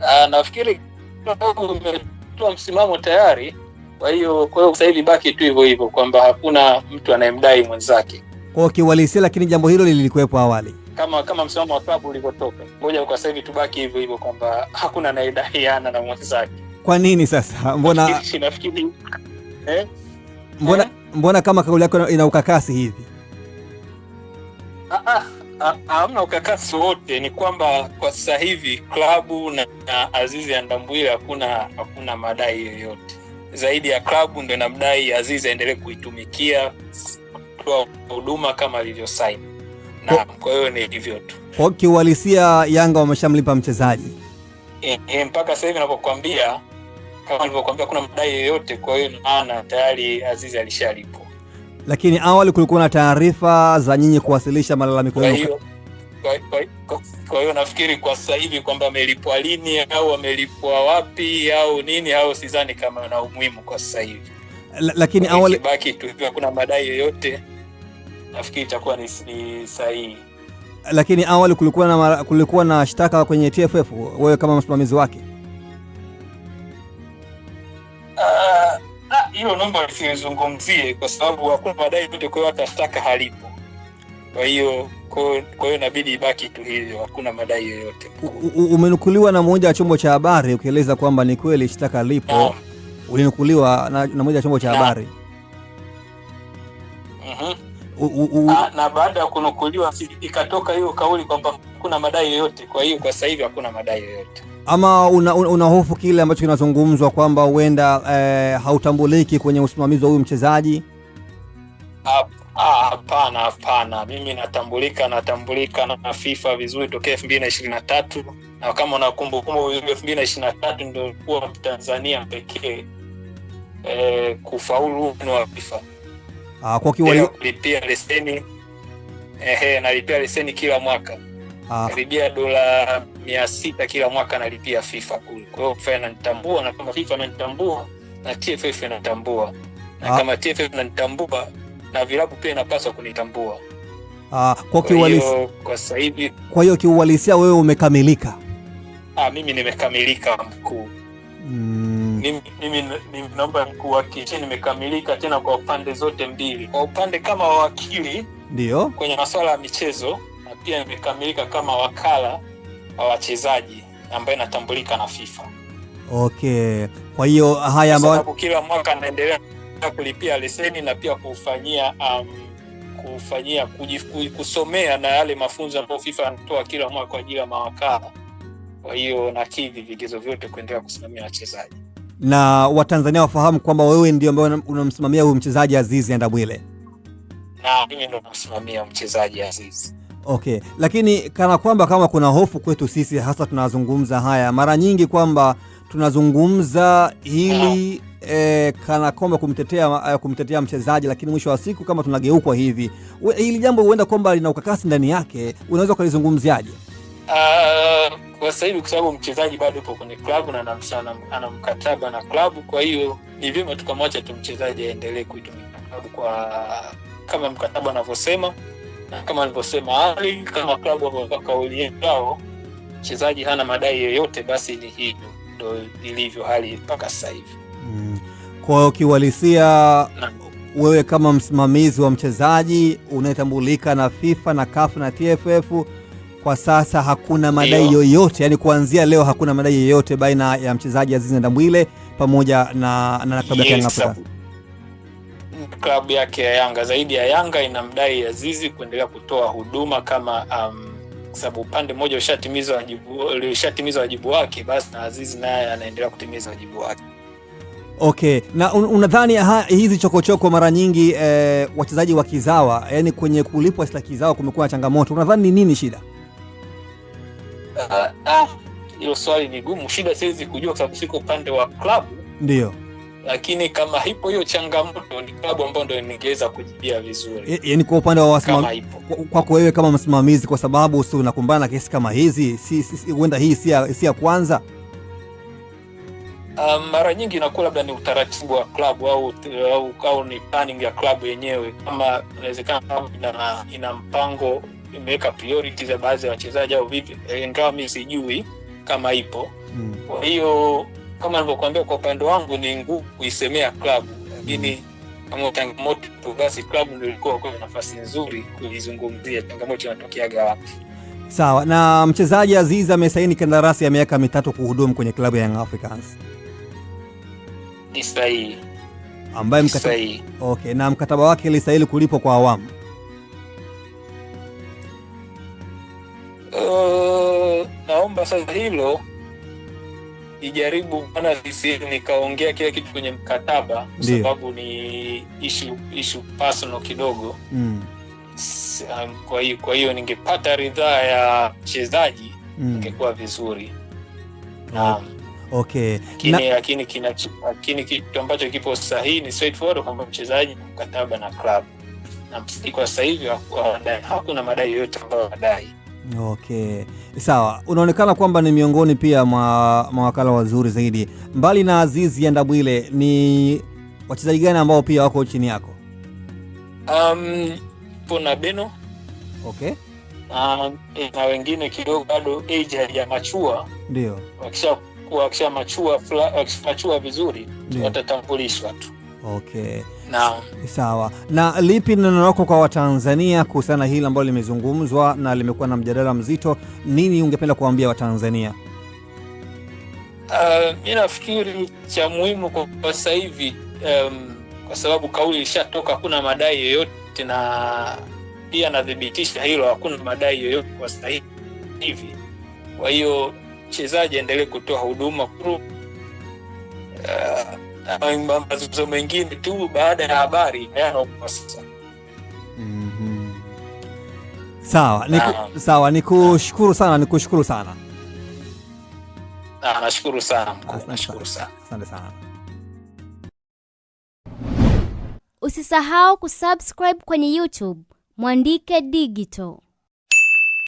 Uh, nafikiri umetoa msimamo tayari, kwa hiyo kwa hiyo sasa hivi baki tu hivyo hivyo kwamba hakuna mtu anayemdai mwenzake kwa kiwalisia, lakini jambo hilo lilikuwepo awali kama kama msimamo wa klabu ulivyotoka. Ngoja kwa sasa hivi tubaki hivyo hivyo kwamba hakuna anayedaiana na mwenzake. Kwa nini sasa? Mbona nafikiri eh? Mbona eh? Mbona kama kauli yako ina ukakasi hivi? hamna ukakasi wote, ni kwamba kwa sasa hivi klabu na, na Azizi ya Ndambwile hakuna hakuna madai yoyote zaidi ya klabu ndo mdai Azizi aendelee kuitumikia kutoa huduma kama alivyosaini. na kwa hiyo ni hivyo tu. kiuhalisia, Yanga wameshamlipa mchezaji e, e, mpaka sasa hivi kama nilivyokuambia kuna mdai yoyote. Kwa hiyo maana tayari Azizi alishalipo lakini awali kulikuwa na taarifa za nyinyi kuwasilisha malalamiko yenu. Kwa hiyo nafikiri kwa sasa hivi kwamba amelipwa lini au amelipwa wapi au nini, au sidhani kama na umuhimu kwa sasa hivi, lakini awali baki tu, hakuna madai yoyote, nafikiri itakuwa ni sahihi. Lakini awali kulikuwa na, kulikuwa na shtaka kwenye TFF, wewe kama msimamizi wake hilo namba lisilizungumzie kwa sababu hakuna madai yote, kwa hata shtaka halipo. Kwa hiyo kwa hiyo inabidi ibaki tu hivyo, hakuna madai yoyote. Umenukuliwa na mmoja wa chombo cha habari ukieleza kwamba ni kweli shtaka lipo Ulinukuliwa na mmoja wa chombo cha habari mm na baada ya kunukuliwa ikatoka hiyo kauli kwamba hakuna madai yoyote, kwa hiyo kwa sasa hivi hakuna madai yoyote ama una, una hofu kile ambacho kinazungumzwa kwamba huenda eh, hautambuliki kwenye usimamizi wa huyu mchezaji? Hapana, hapana, mimi natambulika, natambulika na FIFA vizuri tokea elfu mbili na ishirini na tatu na kama unakumbukumbu elfu mbili na ishirini na tatu ndio kuwa Tanzania pekee eh, kufaulu wa FIFA ah, kwa kiwa kulipia leseni ehe, nalipia leseni kila mwaka ah. karibia dola mia sita kila mwaka analipia FIFA kule. Kwa hiyo FIFA inanitambua na kama FIFA inanitambua na TFF inatambua na ah. kama TFF inanitambua na vilabu pia inapaswa kunitambua. Ah, kwa hiyo kwa sasa hivi, kwa hiyo kiuhalisia wewe umekamilika? Ah, mimi nimekamilika mkuu. Mm. Mimi, mimi, mimi naomba mkuu hakikishe nimekamilika tena kwa upande zote mbili, kwa upande kama wakili ndio kwenye masuala ya michezo na pia nimekamilika kama wakala wa wachezaji ambayo inatambulika na FIFA. Okay, kwa hiyo haya ambayo kila mwaka anaendelea kulipia leseni na pia kufanyia um, kufanyia kusomea na yale mafunzo ambayo FIFA anatoa kila mwaka kwa ajili ya mawakala. Kwa hiyo nakidhi vigezo vyote kuendelea kusimamia wachezaji, na Watanzania wafahamu kwamba wewe ndio ambaye unamsimamia huyu mchezaji Azizi Ndabwile. Na mimi ndo namsimamia mchezaji Azizi. Okay, lakini kana kwamba kama kuna hofu kwetu sisi hasa tunazungumza haya mara nyingi kwamba tunazungumza hili e, eh, kana kwamba kumtetea, eh, kumtetea mchezaji, lakini mwisho wa siku kama tunageukwa hivi, hili jambo huenda kwamba lina ukakasi ndani yake, unaweza ukalizungumziaje? Uh, ah, kwa sasa hivi kwa sababu mchezaji bado yupo kwenye klabu na namsana, ana mkataba na klabu, kwa hiyo ni vyema tukamwacha tu mchezaji aendelee kuitumia klabu kwa kama mkataba anavyosema kama alivyosema Ali, kama klabu wameweka kauli yao, mchezaji hana madai yoyote, basi ni hivyo ndo ilivyo hali mpaka sasa hivi. Mm. Kwa kiuhalisia, wewe kama msimamizi wa mchezaji unayetambulika na FIFA na CAF na TFF, kwa sasa hakuna madai Iyo. yoyote, yani kuanzia leo hakuna madai yoyote baina ya mchezaji Azizi Ndambwile pamoja na, na klabu ya yake sabu klabu yake ya Yanga. Zaidi ya Yanga inamdai Azizi kuendelea kutoa huduma kama um, sababu upande mmoja ushatimiza wajibu, ushatimiza wajibu wake, basi na Azizi naye anaendelea kutimiza wajibu wake. Okay, na un, unadhani hizi chokochoko mara nyingi eh, wachezaji wa kizawa, yani kwenye kulipwa sila kizawa kumekuwa na changamoto, unadhani ni nini shida? Ah, ah, hilo uh, uh, swali ni gumu. Shida siwezi kujua kwa sababu siko upande wa klabu, ndio lakini kama hipo hiyo changamoto ni klabu ambayo ndo ningeweza kujibia vizuri. Yaani kwa upande wa wasimamizi kwako wewe kama msimamizi, kwa sababu si unakumbana na kesi kama hizi, huenda si, si, hii si, ya kwanza. Um, mara nyingi inakuwa labda ni utaratibu wa klabu au, au, au ni planning ya klabu yenyewe, kama inawezekana klabu ina, ina mpango imeweka priority za baadhi ya wachezaji au vipi, ingawa mimi sijui kama ipo hmm. kwa hmm, hiyo kama nilivyokuambia, kwa upande wangu ni nguu kuisemea klabu, lakini kama changamoto tu basi, klabu ndio ilikuwa kwa nafasi nzuri kuizungumzia changamoto inatokeaga wapi. Sawa. Na mchezaji Aziz amesaini kandarasi ya miaka mitatu kuhudumu kwenye klabu ya Young Africans. Ni sahihi. Ambaye mkataba okay, na mkataba wake ilistahili kulipwa kwa awamu. Uh, naomba sasa hilo ijaribu ana CCM nikaongea kila kitu kwenye mkataba kwa sababu ni ishu, ishu personal kidogo mm. Um, kwa hiyo kwa hiyo ningepata ridhaa ya mchezaji mm. ingekuwa vizuri naam. Okay. Lakini na... kitu ambacho kipo sahihi ni straightforward kwamba mchezaji mkataba na club na kwa sasa hivi hakuna madai yoyote ambayo wadai Okay, sawa. Unaonekana kwamba ni miongoni pia mwa mawakala wazuri zaidi. Mbali na Azizi ya Ndabwile, ni wachezaji gani ambao pia wako chini yako? Um, kuna Beno. Okay. Um, na wengine kidogo bado age machua Ndio. Wakisha wakisha machua, wakisha machua vizuri watatambulishwa tu. Okay. Naam. Sawa. Na lipi neno lako kwa Watanzania kuhusiana na hili ambalo limezungumzwa na limekuwa na mjadala mzito? Nini ungependa kuwaambia Watanzania? Uh, mi nafikiri cha muhimu kwa sasa hivi um, kwa sababu kauli ilishatoka, hakuna madai yoyote, na pia nathibitisha hilo, hakuna madai yoyote kwa sasa hivi. Kwa hiyo mchezaji aendelee kutoa huduma uh, mazungumzo mengine tu baada ya habari mhm. Sawa, niku, sawa nikushukuru sana, nikushukuru sana. Nashukuru sana. sana. Usisahau kusubscribe kwenye YouTube Mwandike Digital.